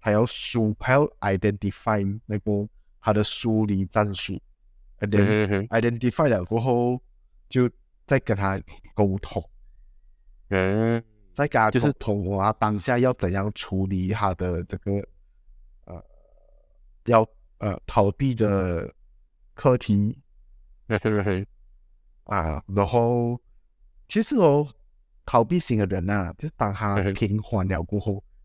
還要輸，還要 identify 那個他的梳理戰術，and then identify 了過後，就再跟他溝通，嗯，再跟他、嗯就是通，我當下要怎樣處理他的這個，嗯、呃，要呃逃避的課題，嗯對對、嗯，啊，然後其實我逃避型的人啊，就是當他平緩了過後。嗯嗯啊